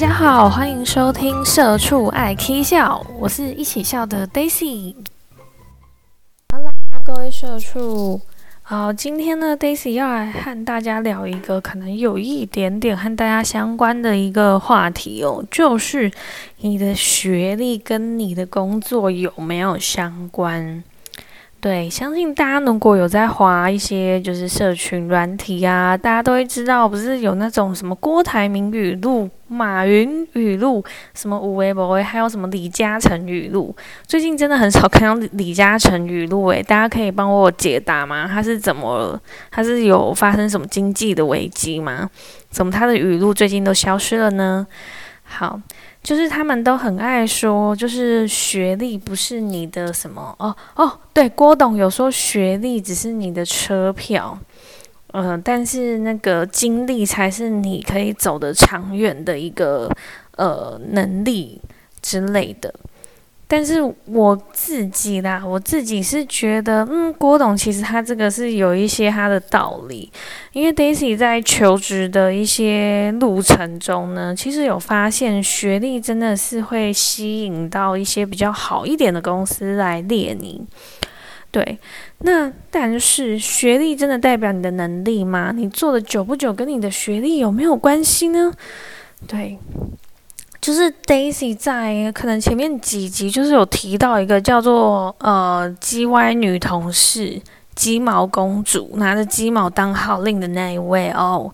大家好，歡迎收聽《社畜愛 k 笑》，我是一起笑的 Daisy。好啦，各位社畜，好，今天呢，Daisy 要來和大家聊一個可能有一點點和大家相關的一個話題哦，就是你的學歷跟你的工作有沒有相關？對，相信大家如果有在劃一些就是社群軟體啊，大家都會知道，不是有那種什麼郭台銘語錄、馬雲語錄，什麼吳為博，還有什麼李嘉誠語錄。最近真的很少看到李、李嘉誠語錄誒，大家可以幫我解答嗎？他是怎麼？他是有發生什麼經濟的危機嗎？怎麼他的語錄最近都消失了呢？好。就是他們都很愛說，就是學歷不是你的什麼哦哦，對，郭董有說學歷只是你的車票，嗯、呃，但是那個經歷才是你可以走得長遠的一個呃能力之類的。但是我自己啦，我自己是覺得，嗯，郭董其實他這個是有一些他的道理，因為 Daisy 在求職的一些路程中呢，其實有發現學歷真的是會吸引到一些比較好一點的公司來列你。對，那但是學歷真的代表你的能力嗎？你做的久不久跟你的學歷有沒有關係呢？對。就是 Daisy 在可能前面幾集，就是有提到一個叫做呃 G Y 女同事，雞毛公主，拿着雞毛當號令的那一位哦，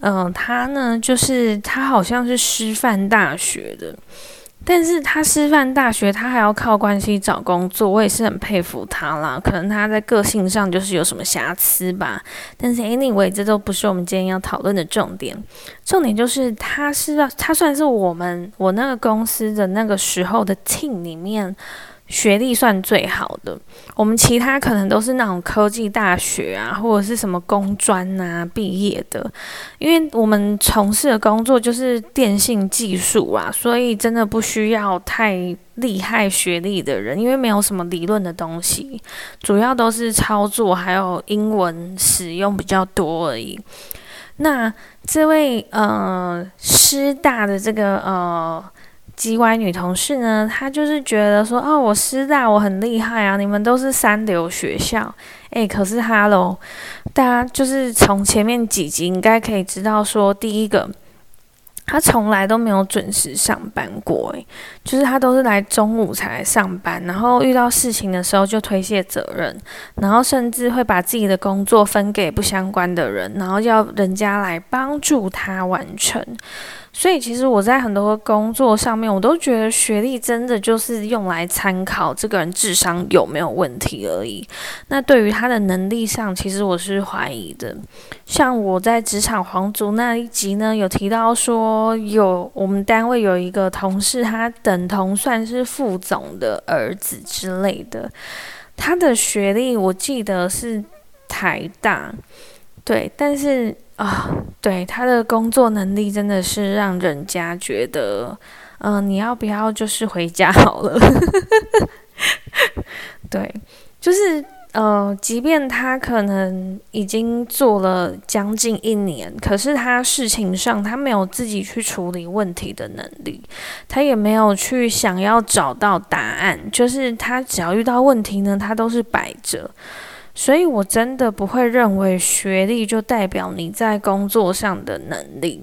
嗯、呃，她呢，就是她好像是師範大學的。但是他師範大學，他還要靠關係找工作，我也是很佩服他啦。可能他在個性上就是有什麼瑕疵吧。但是 anyway，這都不是我們今天要討論的重點。重點就是他是要他算是我們我那個公司的那個時候的 team 裡面。學歷算最好的，我們其他可能都是那種科技大學啊，或者是什麼工專啊，畢業的，因為我們從事的工作就是電信技術啊，所以真的不需要太厲害學歷的人，因為沒有什麼理論的東西，主要都是操作，還有英文使用比較多而已。那，這位呃，師大的這個呃，機掰女同事呢，她就是覺得說，哦，我師大我很厲害啊，你們都是三流學校。誒，可是哈嘍，大家就是從前面幾集應該可以知道說，說第一個，她從來都沒有準時上班過，誒，就是她都是來中午才來上班，然後遇到事情的時候就推卸責任，然後甚至會把自己的工作分給不相關的人，然後要人家來幫助她完成。所以，其實我在很多工作上面，我都覺得學歷真的就是用來參考這個人智商有沒有問題而已。那對於他的能力上，其實我是懷疑的。像我在職場皇族那一集呢，有提到說，有我們單位有一個同事，他等同算是副總的兒子之類的。他的學歷我記得是台大，對，但是。啊、oh，對，他的工作能力真的是讓人家覺得，嗯、呃，你要不要就是回家好了。 對，就是呃，即便他可能已經做了將近一年，可是他事情上他沒有自己去處理問題的能力，他也沒有去想要找到答案。就是他只要遇到問題呢，他都是擺着。所以，我真的不會認為學歷就代表你在工作上的能力。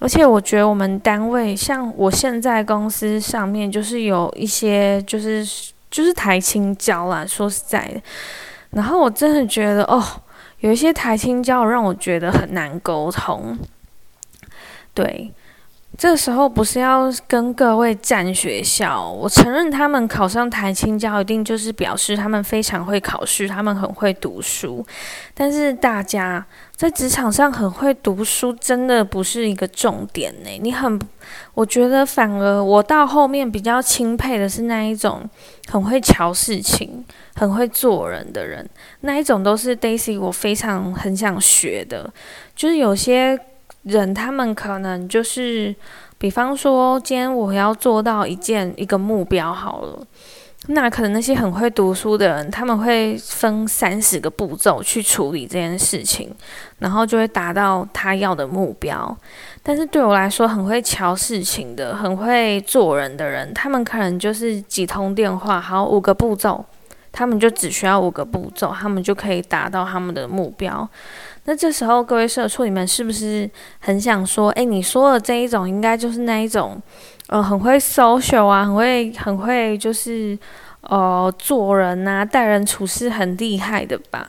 而且，我覺得我們單位像我現在公司上面，就是有一些就是就是台清交啦，說實在的。然後，我真的覺得哦，有一些台清交讓我覺得很難溝通。對。這時候不是要跟各位戰學校？我承認他們考上台清交，一定就是表示他們非常會考試，他們很會讀書。但是大家在職場上很會讀書，真的不是一個重點呢、欸。你很，我覺得反而我到後面比較欽佩的是那一種很會喬事情、很會做人的人，那一種都是 Daisy 我非常很想學的，就是有些。人他們可能就是，比方說，今天我要做到一件一個目標好了，那可能那些很會讀書的人，他們會分三十個步驟去處理這件事情，然後就會達到他要的目標。但是對我來說，很會喬事情的，很會做人的人，他們可能就是幾通電話，好五個步驟，他們就只需要五個步驟，他們就可以達到他們的目標。那這時候，各位社畜，你們是不是很想說，哎，你說的這一種，應該就是那一種，呃，很會 social 啊，很會，很會就是，呃，做人吶啊，待人處事很厲害的吧？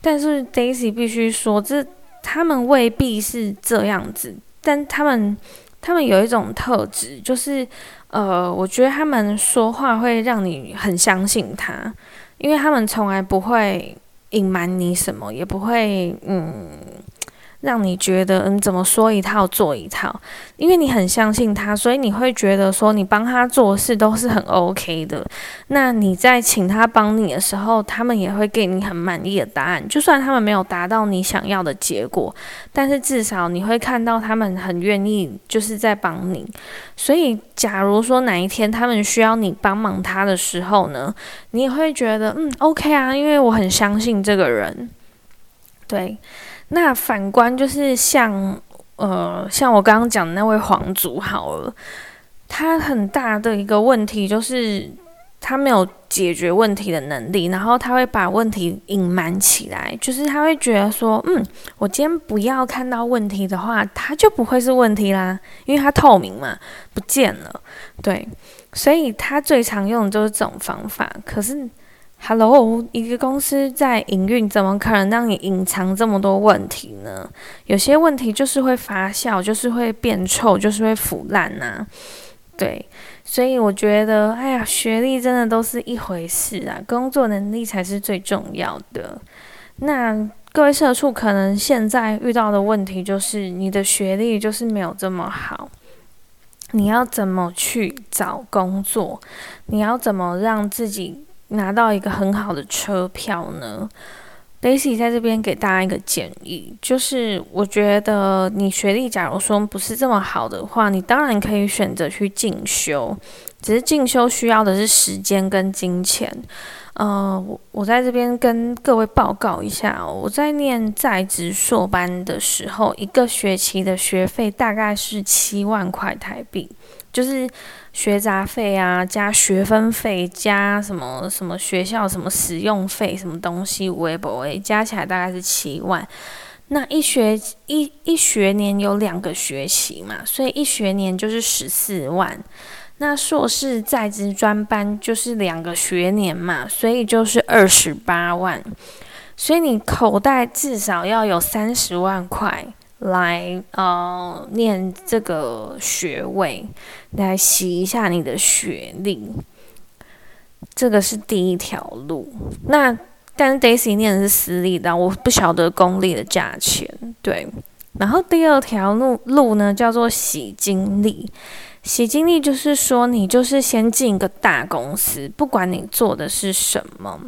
但是 Daisy 必須說，這他們未必是這樣子，但他們，他們有一種特質，就是，呃，我覺得他們說話會讓你很相信他，因為他們從來不會。隱瞞你什麼也不會，嗯。讓你覺得，嗯，怎麼說一套做一套，因為你很相信他，所以你會覺得說，你幫他做事都是很 OK 的。那你在請他幫你的時候，他們也會給你很滿意的答案。就算他們沒有達到你想要的結果，但是至少你會看到他們很願意，就是在幫你。所以，假如說哪一天他們需要你幫忙他的時候呢，你也會覺得，嗯，OK 啊，因為我很相信這個人，對。那反觀就是像，呃，像我剛剛講的那位皇族好了，他很大的一個問題就是他沒有解決問題的能力，然後他會把問題隱瞞起來，就是他會覺得說，嗯，我今天不要看到問題的話，他就不會是問題啦，因為他透明嘛，不見了，對，所以他最常用的就是這種方法，可是 Hello，一個公司在營運，怎麼可能讓你隱藏這麼多問題呢？有些問題就是會發酵，就是會變臭，就是會腐爛吶啊。對，所以我覺得，哎呀，學歷真的都是一回事啊，工作能力才是最重要的。那各位社畜，可能現在遇到的問題就是你的學歷就是沒有這麼好，你要怎麼去找工作？你要怎麼讓自己？拿到一個很好的車票呢，Lacy 在這邊給大家一個建議，就是我覺得你學歷假如說不是這麼好的話，你當然可以選擇去進修，只是進修需要的是時間跟金錢。呃，我我在這邊跟各位報告一下，我在念在職碩班的時候，一個學期的學費大概是七萬塊台幣，就是。學雜費啊，加學分費，加什麼什麼學校什麼使用費，什麼東西微 e i 加起來大概是七萬。那一學一一學年有兩個學期嘛，所以一學年就是十四萬。那碩士在職專班就是兩個學年嘛，所以就是二十八萬。所以你口袋至少要有三十萬塊。來，呃，念這個學位，來洗一下你的學歷，這個是第一條路。那但是 Daisy 念的是私立的，我不曉得公立的價錢。對，然後第二條路路呢，叫做洗經歷。洗經歷就是說，你就是先進一個大公司，不管你做的是什麼。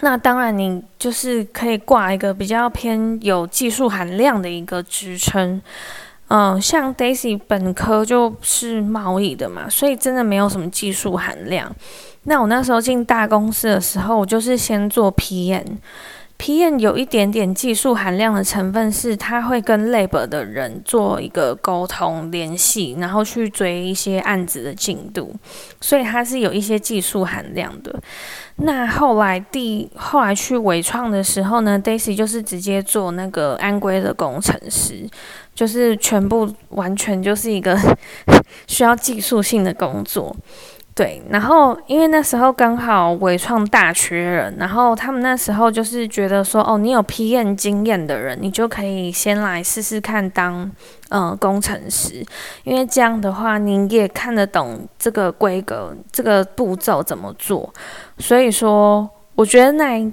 那當然，你就是可以掛一個比較偏有技術含量的一個職稱，嗯，像 Daisy 本科就是貿易的嘛，所以真的沒有什麼技術含量。那我那時候進大公司的時候，我就是先做 PM。PM 有一點點技術含量的成分，是他會跟 lab 的人做一個溝通聯繫，然後去追一些案子的進度，所以他是有一些技術含量的。那後來第後來去偉創的時候呢，Daisy 就是直接做那個安規的工程師，就是全部完全就是一個 需要技術性的工作。對，然後因為那時候剛好偉創大缺人，然後他們那時候就是覺得說，哦，你有 P N 經驗的人，你就可以先來試試看當呃工程師，因為這樣的話你也看得懂這個規格、這個步驟怎麼做。所以說，我覺得那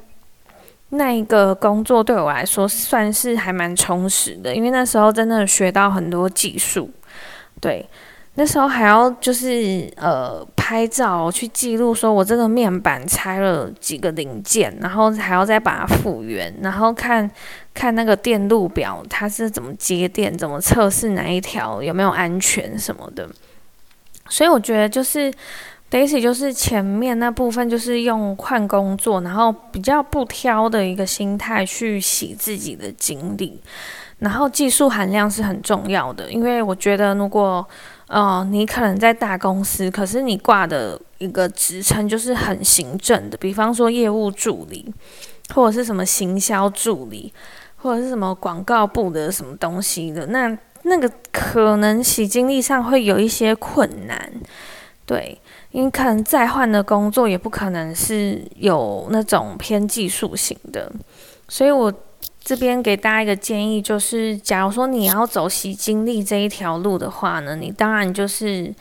那一個工作對我來說算是還蠻充實的，因為那時候真的學到很多技術。對。那時候還要就是呃拍照去記錄，說我這個面板拆了幾個零件，然後還要再把它復原，然後看看那個電路表它是怎麼接電，怎麼測試哪一條有沒有安全什麼的。所以我覺得就是 Daisy 就是前面那部分就是用換工作，然後比較不挑的一個心態去洗自己的經歷，然後技術含量是很重要的，因為我覺得如果哦，你可能在大公司，可是你掛的一個職稱就是很行政的，比方說業務助理，或者是什麼行銷助理，或者是什麼廣告部的什麼東西的，那那個可能洗經歷上會有一些困難，對，因為可能再換的工作也不可能是有那種偏技術型的，所以我。這邊給大家一個建議，就是假如說你要走習經歷這一條路的話呢，你當然就是，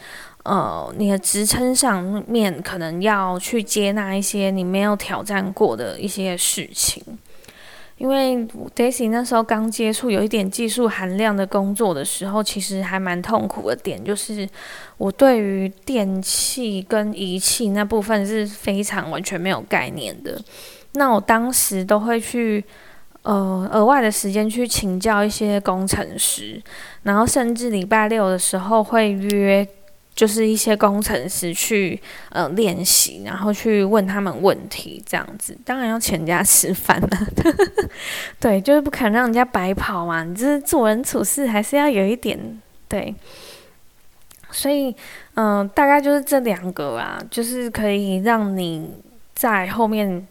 呃，你的職稱上面可能要去接納一些你沒有挑戰過的一些事情。因為 Daisy 那時候剛接觸有一點技術含量的工作的時候，其實還蠻痛苦的點，點就是我對於電器跟儀器那部分是非常完全沒有概念的。那我當時都會去。呃，額外的時間去請教一些工程師，然後甚至禮拜六的時候會約，就是一些工程師去呃練習，然後去問他們問題這樣子。當然要請人家吃飯了， 對，就是不肯讓人家白跑嘛。你這做人處事還是要有一點，對。所以，嗯、呃，大概就是這兩個啊，就是可以讓你在後面。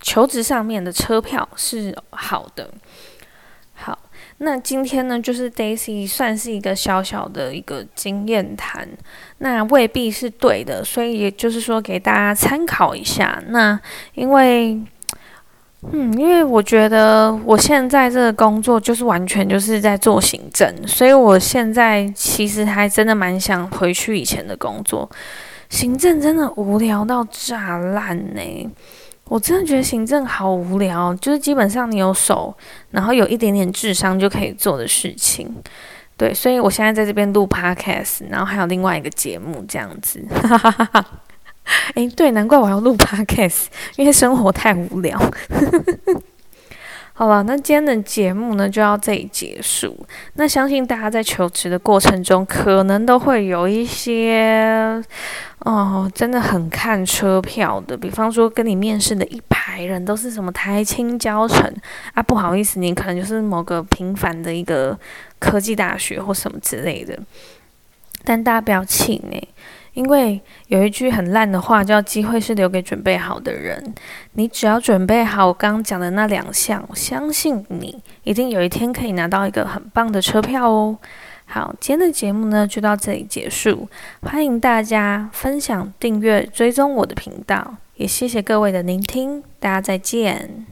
求職上面的車票是好的。好，那今天呢，就是 Daisy 算是一個小小的一個經驗談，那未必是對的，所以也就是說給大家參考一下。那因為，嗯，因為我覺得我現在這個工作就是完全就是在做行政，所以我現在其實還真的蠻想回去以前的工作，行政真的無聊到炸爛呢、欸。我真的覺得行政好無聊，就是基本上你有手，然後有一點點智商就可以做的事情。對，所以我現在在這邊錄 podcast，然後還有另外一個節目這樣子。哎， 對，難怪我要錄 podcast，因為生活太無聊。 好了，那今天的節目呢，就到這裡結束。那相信大家在求職的過程中，可能都會有一些，哦，真的很看車票的。比方說，跟你面試的一排人都是什麼台清交成啊，不好意思，你可能就是某個平凡的一個科技大學或什麼之類的，但大家不要氣餒、欸。因為有一句很爛的話，叫“機會是留給準備好的人”。你只要準備好我剛剛講的那兩項，我相信你一定有一天可以拿到一個很棒的車票哦。好，今天的節目呢就到這裡結束。歡迎大家分享、訂閱、追蹤我的頻道，也謝謝各位的聆聽。大家再見。